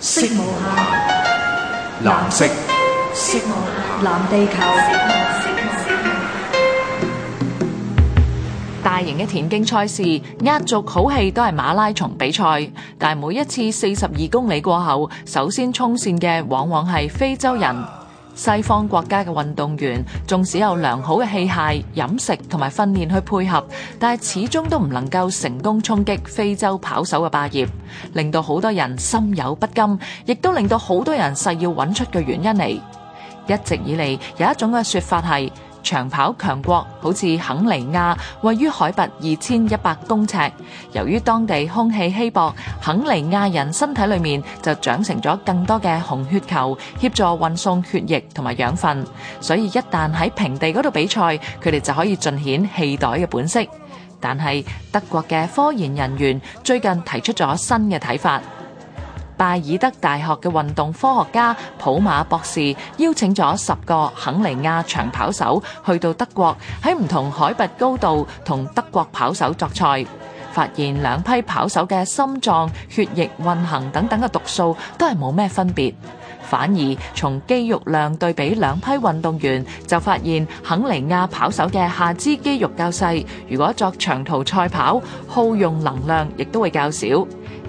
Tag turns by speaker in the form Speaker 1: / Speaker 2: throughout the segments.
Speaker 1: 色無限，藍色。色無限，藍地球。大型嘅田徑賽事，壓軸好戲都係馬拉松比賽，但係每一次四十二公里過後，首先衝線嘅往往係非洲人。西方國家嘅運動員，縱使有良好嘅器械、飲食同埋訓練去配合，但係始終都唔能夠成功衝擊非洲跑手嘅霸業，令到好多人心有不甘，亦都令到好多人誓要搵出嘅原因嚟。一直以嚟，有一種嘅說法係，長跑強國好似肯尼亞，位於海拔二千一百公尺。由於當地空氣稀薄，肯尼亞人身體裏面就長成咗更多嘅紅血球，協助運送血液同埋養分。所以一旦喺平地嗰度比賽，佢哋就可以盡顯氣袋嘅本色。但係德國嘅科研人員最近提出咗新嘅睇法。拜爾德大學嘅運動科學家普馬博士邀請咗十個肯尼亞長跑手去到德國，喺唔同海拔高度同德國跑手作賽，發現兩批跑手嘅心臟、血液運行等等嘅讀數都係冇咩分別。反而從肌肉量對比兩批運動員，就發現肯尼亞跑手嘅下肢肌肉較細，如果作長途賽跑，耗用能量亦都會較少。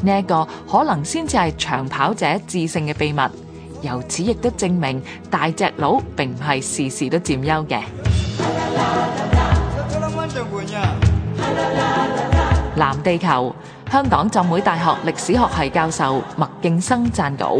Speaker 1: 呢、這個可能先至係長跑者致勝嘅秘密。由此亦都證明大隻佬並唔係時時都佔優嘅。 藍地球，香港浸會大學歷史學系教授麥勁生撰稿。